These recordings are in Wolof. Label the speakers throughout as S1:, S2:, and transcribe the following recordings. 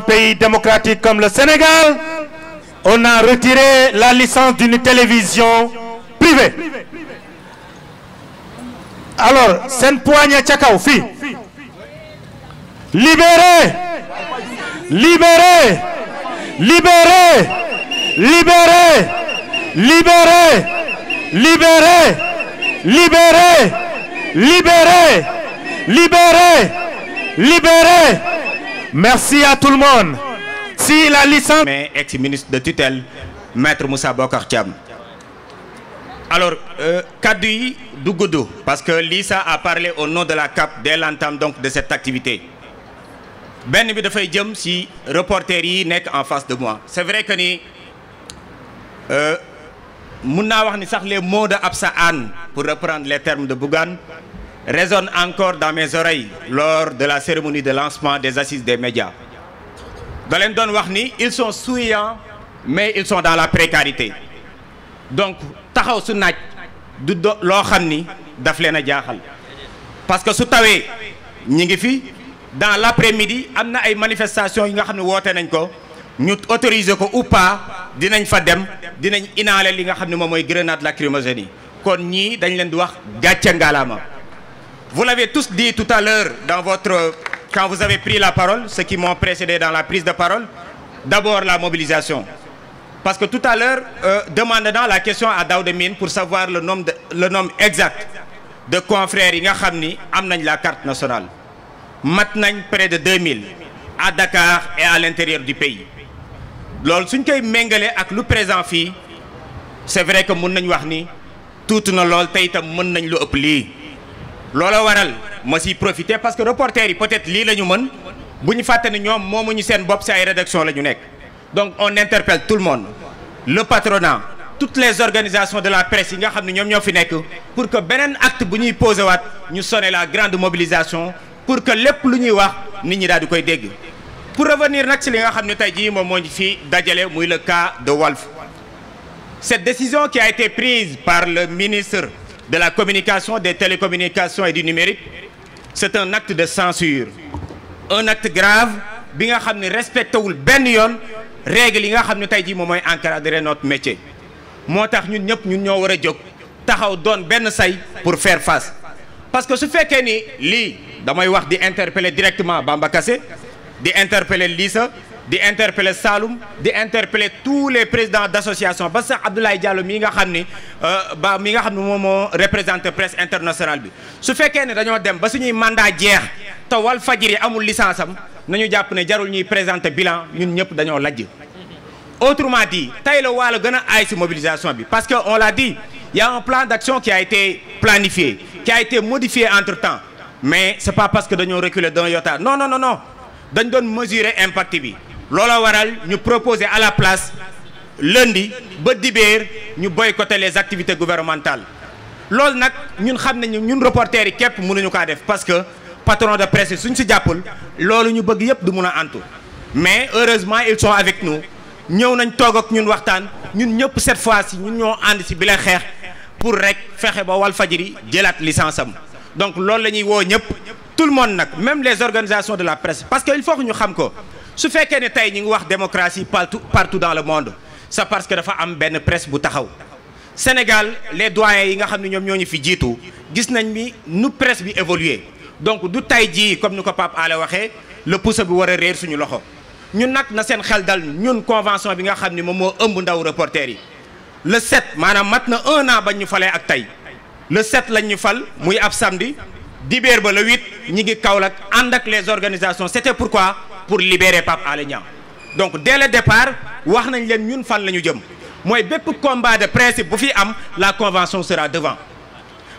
S1: pays démocratique comme le Sénégal, on a retiré la licence d'une télévision privée. Alors, seen poigne ca kaw fii. Libérez! Libérez! Libérez! Libérez! Libérez! Libérez! Libérez! Libérez! Libérez! Libérez! Merci à tout le monde. Si Mais ex-ministre de tutelle maître Moussa Bokar Thiam. alors euh, kaddu yi du gudd parce que Lisa a parlé au nom de la CAP dès l'entame donc de cette activité benn bi dafay jëm ci reporter yi nekk en face de moi c'est vrai que ni euh, mun naa wax ni sax les mots de sa Anne pour reprendre les termes de Bougane résonne encore dans mes oreilles lors de la cérémonie de lancement des assises des médias da leen doon wax ni ils sont souriants mais ils sont dans la précarité donc taxaw su naaj du do loo xam ni daf leen a jaaxal parce que su tawee ñi ngi fi dans l'après-midi am na ay manifestations yi nga xam ne woote nañ ko ñu autoriser ko ou pas dinañ fa dem dinañ inhaler li nga xam ne moom mooy grenade la yi kon ñii dañ leen di wax gàcce ngalaama Vous l'avez tous dit tout à l'heure dans votre quand vous avez pris la parole, ceux qui m'ont précédé dans la prise de parole, d'abord la mobilisation. Parce que tout à l'heure, euh, demandant la question à Daouda Mine pour savoir le nombre le nombre exact de confrères yi nga xam ni am nañ la carte nationale. mat nañ près de 2000 à Dakar et à l'intérieur du pays loolu suñ koy méngalee ak lu présent fii c'est vrai que mën nañu wax ni tuuti na lool tey itam mën nañ lu ëpp lii. loola waral ma siy profité parce que reporters yi peut-être lii la mën bu ñu fàtte ne ñoom moomuñu seen bopp si ay rédaction la ñu nekk donc on interpelle tout le monde le patronat toutes les organisations de la presse yi nga xam ne ñoom ñoo fi nekk pour que beneen acte bu ñuy posé waat ñu sonné la grande mobilisation pour que lépp lu ñuy wax nit ñi daal di koy dégg pour revenir nag ci li nga xam ne tey jii moom moo ñu fi dajale muy le cas de Walf cette décision qui a été par le ministre de la communication, des télécommunications et du numérique, c'est un acte de censure. Un acte grave bi nga xam ne respecté wul benn yoon règle yi nga xam ne tey jii moom mooy encadrer not métier moo tax ñun ñëpp ñun ñoo war a jóg taxaw doon benn say pour fair face parce que su fekkee ni lii damay wax di interpeller directement Bamba Kassé di interpeller Lissa di interpeller Saloum di interpeller tous les présidents d'association ba sax Abdoulaye Diallo mii nga xam ni euh, ba mi nga xam ne moom moo représenté presse internationale bi su fekkee ne dañoo dem ba suñuy mandat jeex te Walf Fadjri amul licence am nañu jàpp ne jarul ñuy présenter bilan ñun ñëpp dañoo lajj autrement di tey la waalo gën a aay si mobilisation bi parce que on l'a dit il y a un plan d'action qui a été planifié qui a été modifié entre-temps mais c'est pas parce que dañoo reculer d'un iota non non non non dañ doon mesurer impact bi looloo waral ñu proposer à la place lundi ba dibéer ñu boy boycotter les activités gouvernementales loolu nag ñun xam nañu ñun reporters yi képp mënuñu kaa def parce que patron de presse yi suñ si jàppul loolu ñu bëgg yëpp du mun a antu mais heureusement ils sont avec nous ñëw nañ toog ak ñun waxtaan ñun ñëpp cette fois ci ñun ñoo ànd si bi xeex pour rek fexe ba Walfadjri jëlaat licence am donc loolu la ñuy woo ñëpp tout le monde nag même les organisations de la presse parce que il ñu xam ko su fekkee ne tey ñu ngi wax démocratie partout partout dans le monde c'est parce que dafa am benn presse bu taxaw Sénégal les doyens yi nga xam ne ñoom ñoo ñu fi jiitu gis nañ ni nu presse bi évoluer donc du tay jii comme ni ko Pape Alé waxee le pouce bu war a réer suñu loxo ñun nag na seen xel dal ñun convention bi nga xam ni moom moo ëmb ndaw reporter yi le 7 maanaam mat na un an bañ ñu falee ak tey le 7 lañ ñu fal muy ab samedi dibéer ba le 8 ñi ngi Kaolack ànd ak les organisations c'était pourquoi pour libérer Pape Alé Niang donc dès le départ wax nañ leen ñun fan la ñu jëm mooy bépp combat de principe bu fi am la convention sera devant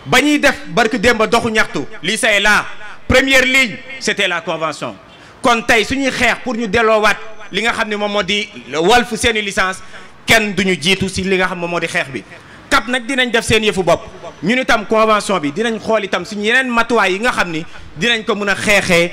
S1: ba ñuy def barki démb doxu ñaxtu lii say la première ligne c'était la convention kon tey suñuy xeex pour ñu delloowaat li nga xam ne moom moo di wal fu seeni licence kenn duñu jiitu si li nga xam moom moo di xeex bi cap nag dinañ def seen yëfu bopp ñun itam convention bi dinañ xool itam suñu yeneen matuwaay yi nga xam dinañ ko mën a xeexee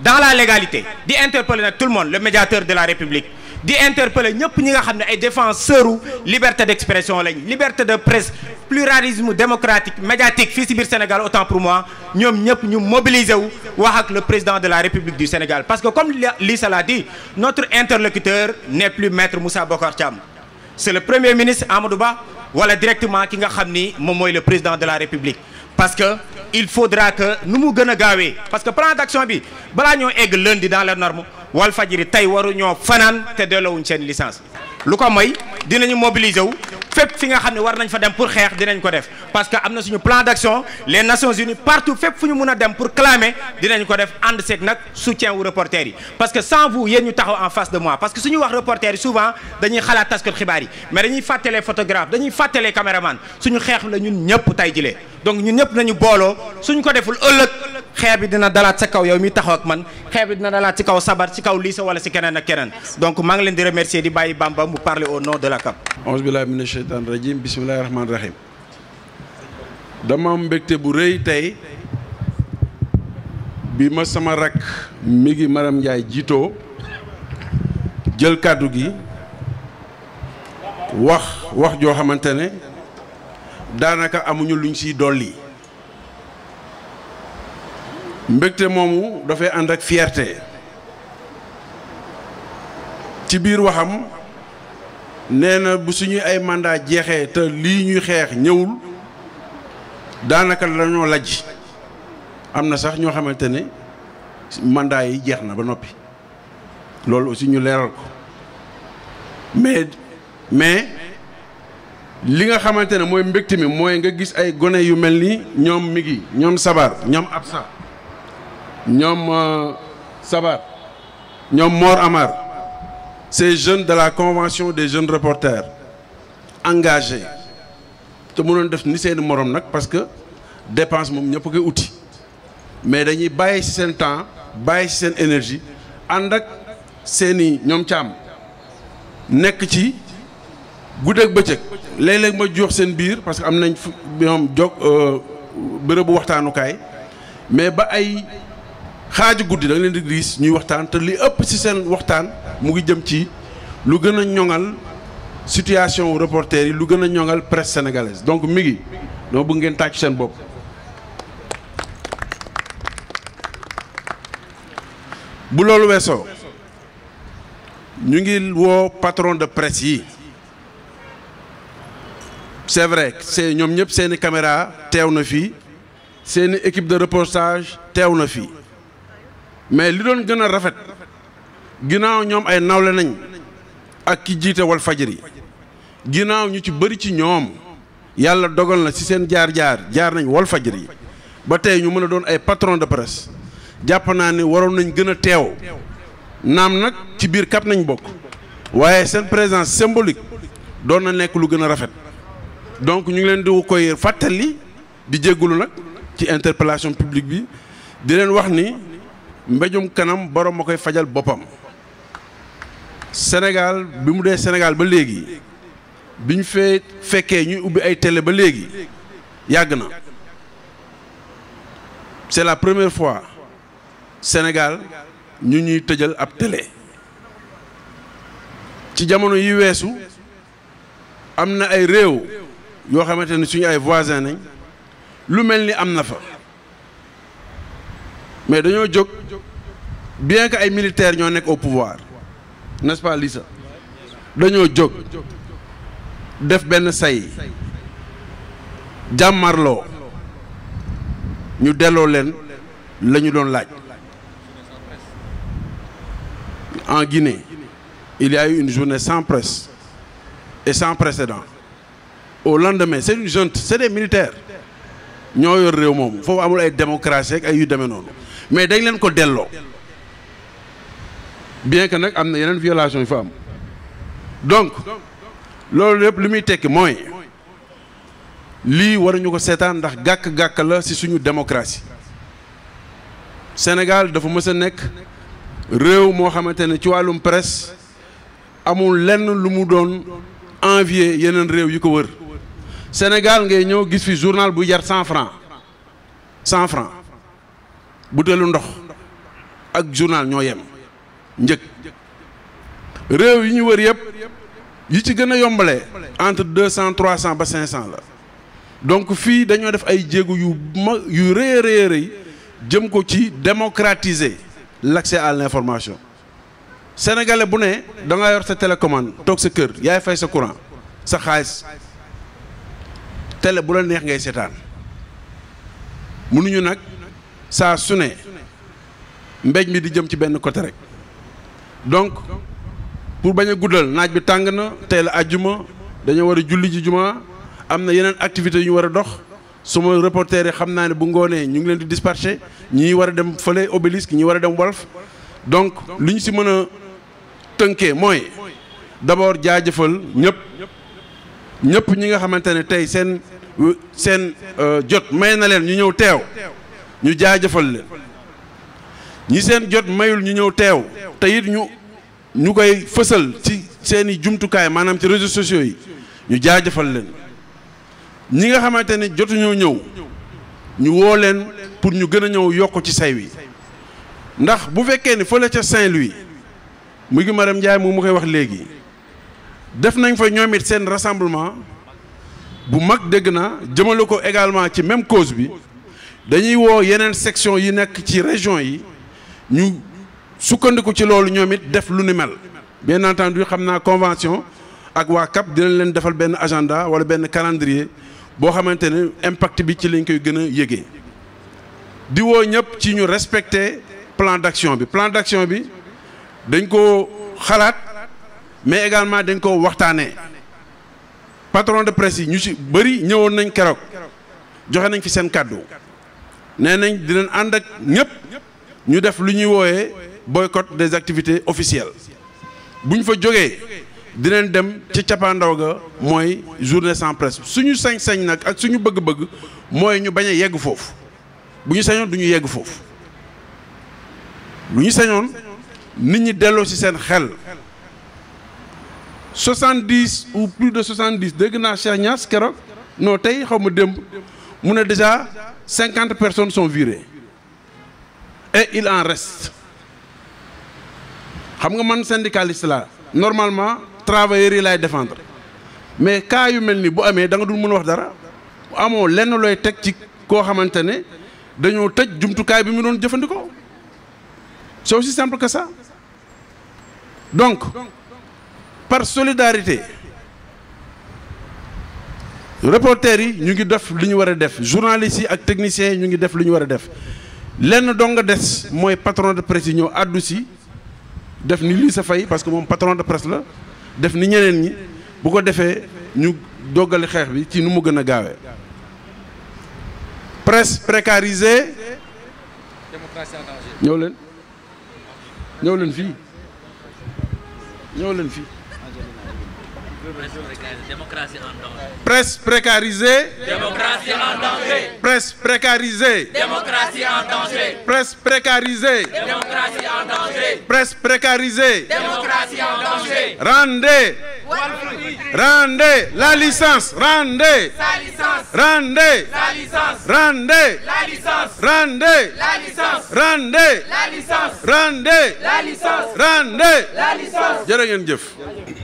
S1: dans la légalité di interpeller nag tout le monde le médiateur de la république di interpeller ñëpp ñi nga xam ne ay défenseurs u liberté d'expression lañ liberté de presse pluralisme démocratique médiatique fii ci biir Sénégal autant pour moi ñoom ñëpp ñu mobiliser wu wax ak le président de la République du Sénégal parce que comme Lissa l'a dit notre interlocuteur n'est plus maître Moussa Bokar Thiam c'est le premier ministre Amadou Ba wala directement ki nga xam ni moom mooy le président de la République il faudra que nu mu gën a gaawee parce que plan d'action bi balaa ñoo egg lundi dans les normes Walfadjri tey waru ñoo fanaan te delloowuñ seen licence lu ko moy dinañu mobiliser wu fépp fi nga xam ne war nañ fa dem pour xeex dinañ ko def parce que am na suñu plan d'action les Nations Unies partout fépp fu ñu mun a dem pour clamer dinañ ko def ànd seeg nag soutien wu reporters yi parce que sans vous yéen ñu taxaw en face de moi parce que suñu wax reporters yi souvent dañuy xalaat taskat xibaar yi mais dañuy fàttalee photographe dañuy fàttalee caméraman suñu xeex la ñun ñëpp tay jilee donc ñun ñëpp nañu booloo suñ ko deful xeeb bi dina dalaat sa kaw yow mi taxaw ak man xeebi dina dalaat ci kaw sabar ci kaw liisa wala si keneen ak keneen donc maa ngi leen di remercier di bàyyi Bamba mu parler au nom de la CAP
S2: auzu billahi mina sheytan rajim bismillahi rahmani rahim dama am bu rëy tey bi ma sama rakk mi ngi Maram njaay jiitoo jël kàddu gi wax wax joo xamante ne daanaka amuñu luñ siy dolli mbégte moomu dafay ànd ak fierté ci biir waxam nee na bu suñuy ay mandat jeexee te lii ñuy xeex ñëwul daanaka lañoo lajj am na sax ñoo xamante ne mandat yi jeex na ba noppi loolu aussi ñu leeral ko mais mais li nga xamante ne mooy mbégte mi mooy nga gis ay gone yu mel ni ñoom Migui ñoom Sabar ñoom Absa ñoom euh, Sabar ñoom Mor Amar ces jeunes de la convention des jeunes reporters engagés te mënoon def ni seeni morom nag parce que dépense moom ñëpp koy uti mais dañuy bàyyi ci seen temps bàyyi ci seen énergie ànd ak seeni ñoom càmm nekk ci guddeeg bëccëg léeg-léeg ma jox seen biir parce que am nañ ñoom jog euh, bërëbu waxtaanukaay mais ba ay xaaju guddi da leen di ñuy waxtaan te li ëpp ci seen waxtaan mu ngi jëm ci lu gën a ñoŋal situation reporter yi lu gën a ñoŋal presse sénégalaise donc mi ngi noo bëgg ngeen tàcc seen bopp. bu loolu weesoo ñu ngi woo patron de presse yi c'est vrai c'est ñoom ñëpp seeni caméra teew na fii seeni équipe de reportage teew na fii. mais li doon gën rafet ginnaaw ñoom ay nawle nañ ak ki jiite wal fajiri ginnaaw ñu ci bëri ci ñoom yàlla dogal na ci seen jaar-jaar jaar nañ wal yi ba tey ñu mën a doon ay patron de presse jàpp naa ni waroon nañ gën a teew naam nag ci biir kap nañ bokk waaye seen présence symbolique doon na nekk lu gën a rafet donc ñu ngi leen di koy fàttali di jéggulu nag ci interpellation publique bi di leen wax ni mbéjum kanam borom ma koy fajal boppam Sénégal bi mu dee Sénégal ba léegi bi ñu fee fekkee ñuy ubbi ay tele ba léegi yàgg na c'est la première fois Sénégal ñu ñuy tëjal ab télé ci jamono yi weesu am na ay réew yoo xamante ni suñu ay voisins nañ lu mel ni am na fa. mais dañoo jóg bien que ay militaires ñoo nekk au pouvoir nest Lisa dañoo jóg def benn say jàmmarloo ñu delloo leen la ñu doon laaj en Guinée il y une journée sans presse et sans précédent au lendemain c'est une junte c'est des militaires ñoo yor réew moom foofu amul ay démocratie ak ay yu demee noonu mais dañ leen ko delloo bien que nag am na yeneen violation yu fa am donc loolu lépp li muy tekki mooy lii waruñu ko seetaan ndax gàkk-gàkk la ci suñu démocratie Sénégal dafa mës a nekk réew moo xamante ne ci wàllum presse amul lenn lu mu doon envier yeneen réew yi ko wër Sénégal ngay ñëw gis fi journal bu jar cent franc cent franc butéelu ndox ak journal ñoo yem njëg réew yi ñu wër yëpp yi ci gën a yombalee entre deux cent trois cent ba cinq cent la donc fii dañoo def ay jéego yu ma yu rëy rëy rëy jëm ko ci démocratiser l'accès à l'information sénégalais bu ne da nga yor sa télécommande toog sa kër yaay fay sa courant sa xaalis tele bu la neex ngay seetaan mënuñu nag. saa su ne mbéj mi di jëm ci benn côté rek donc pour bañ a guddal naaj bi tàng na tey la àjjuma dañoo war a julli ji juma am na yeneen activités yu ñu war a dox suma reporter yi xam naa ne bu ngoonee ñu ngi leen di dispatché ñi war a dem fële obélisque ñi war a dem Walf donc li ñu si mën a tënkee mooy d'abord jaajëfal ñëpp ñëpp ñi nga xamante ne tey seen seen euh, jot may na leen ñu ñëw teew ñu jaajëfal leen ñi seen jot mayul ñu ñëw teew te ñu ñu koy fësal ci seeni jumtukaay maanaam ci réseau sociaux yi ñu jaajëfal leen ñi nga xamante ne jotuñoo ñëw ñu woo leen pour ñu gën a ñëw yokk ci say wi ndax bu fekkee ni fële ca Saint-Louis mu ngi Maram Njaay moom mu koy wax léegi def nañ fa ñoom it seen rassemblement bu mag dégg na jëmale ko également ci même cause bi dañuy woo yeneen section yi nekk ci région yi ñu sukkandiku ci loolu ñoom it def lu ni mel bien entendu xam naa convention ak waa CAP dinañ leen defal benn agenda wala benn calendrier boo xamante ne impact bi ci lañ koy gën a yëgee di woo ñëpp ci ñu respecter plan d'action bi plan d'action bi dañ ko xalaat mais également dañ ko waxtaanee patron de presse yi ñu ci bëri ñëwoon nañ keroog joxe nañ fi seen kàddu nee nañ dinañ ànd ak ñëpp ñu def lu ñuy wooyee boycott des activités officielles bu ñu fa jógee dinañ dem ci cappaandaw ga mooy journée sans presse suñu sañ-sañ nag ak suñu bëgg-bëgg mooy ñu bañ a yegg foofu bu ñu sañoon du ñu yegg foofu lu ñu sañoon nit ñi delloo ci seen xel soixante-dix ou plus de soixante-dix dégg naa Cheikh Niass keroog non tey xaw ma démb mu ne déjà cinquante personnes sont virées et il en reste xam nga man syndicaliste laa normalement travailleurs yi laay défendre mais cas yu mel ni bu amee da nga dul mën a wax dara amoo lenn looy teg ci koo xamante ne dañoo tëj jumtukaay bi mu doon jëfandikoo c'est aussi simple que ça donc par solidarité reporters yi ñu ngi def li ñu war def journalistes yi ak techniciens yi ñu ngi def li ñu war a def lenn dong des mooy patron de presse yi ñoo àddu si def ni lii sa fay parce que moom patron de presse la def ni ñeneen ñi bu ko defee ñu doggale xeex bi ci nu mu gën a gaawee presse précarisée ñëw leen ñëw leen fii ñëw leen fii
S1: Démocratie en danger. Presse
S2: précarisée. Démocratie en danger. Presse précarisée. Démocratie en
S1: danger. Presse
S2: précarisée.
S1: Démocratie en danger. Presse
S2: précarisée.
S1: Démocratie en danger. Rendez.
S2: Rendez la licence. Rendez. Sa licence. Rendez. La licence. Rendez. La licence. Rendez. La
S1: licence. Rendez. La licence. Rendez. La licence. Rendez. La licence. jërë
S2: ngeen jëf.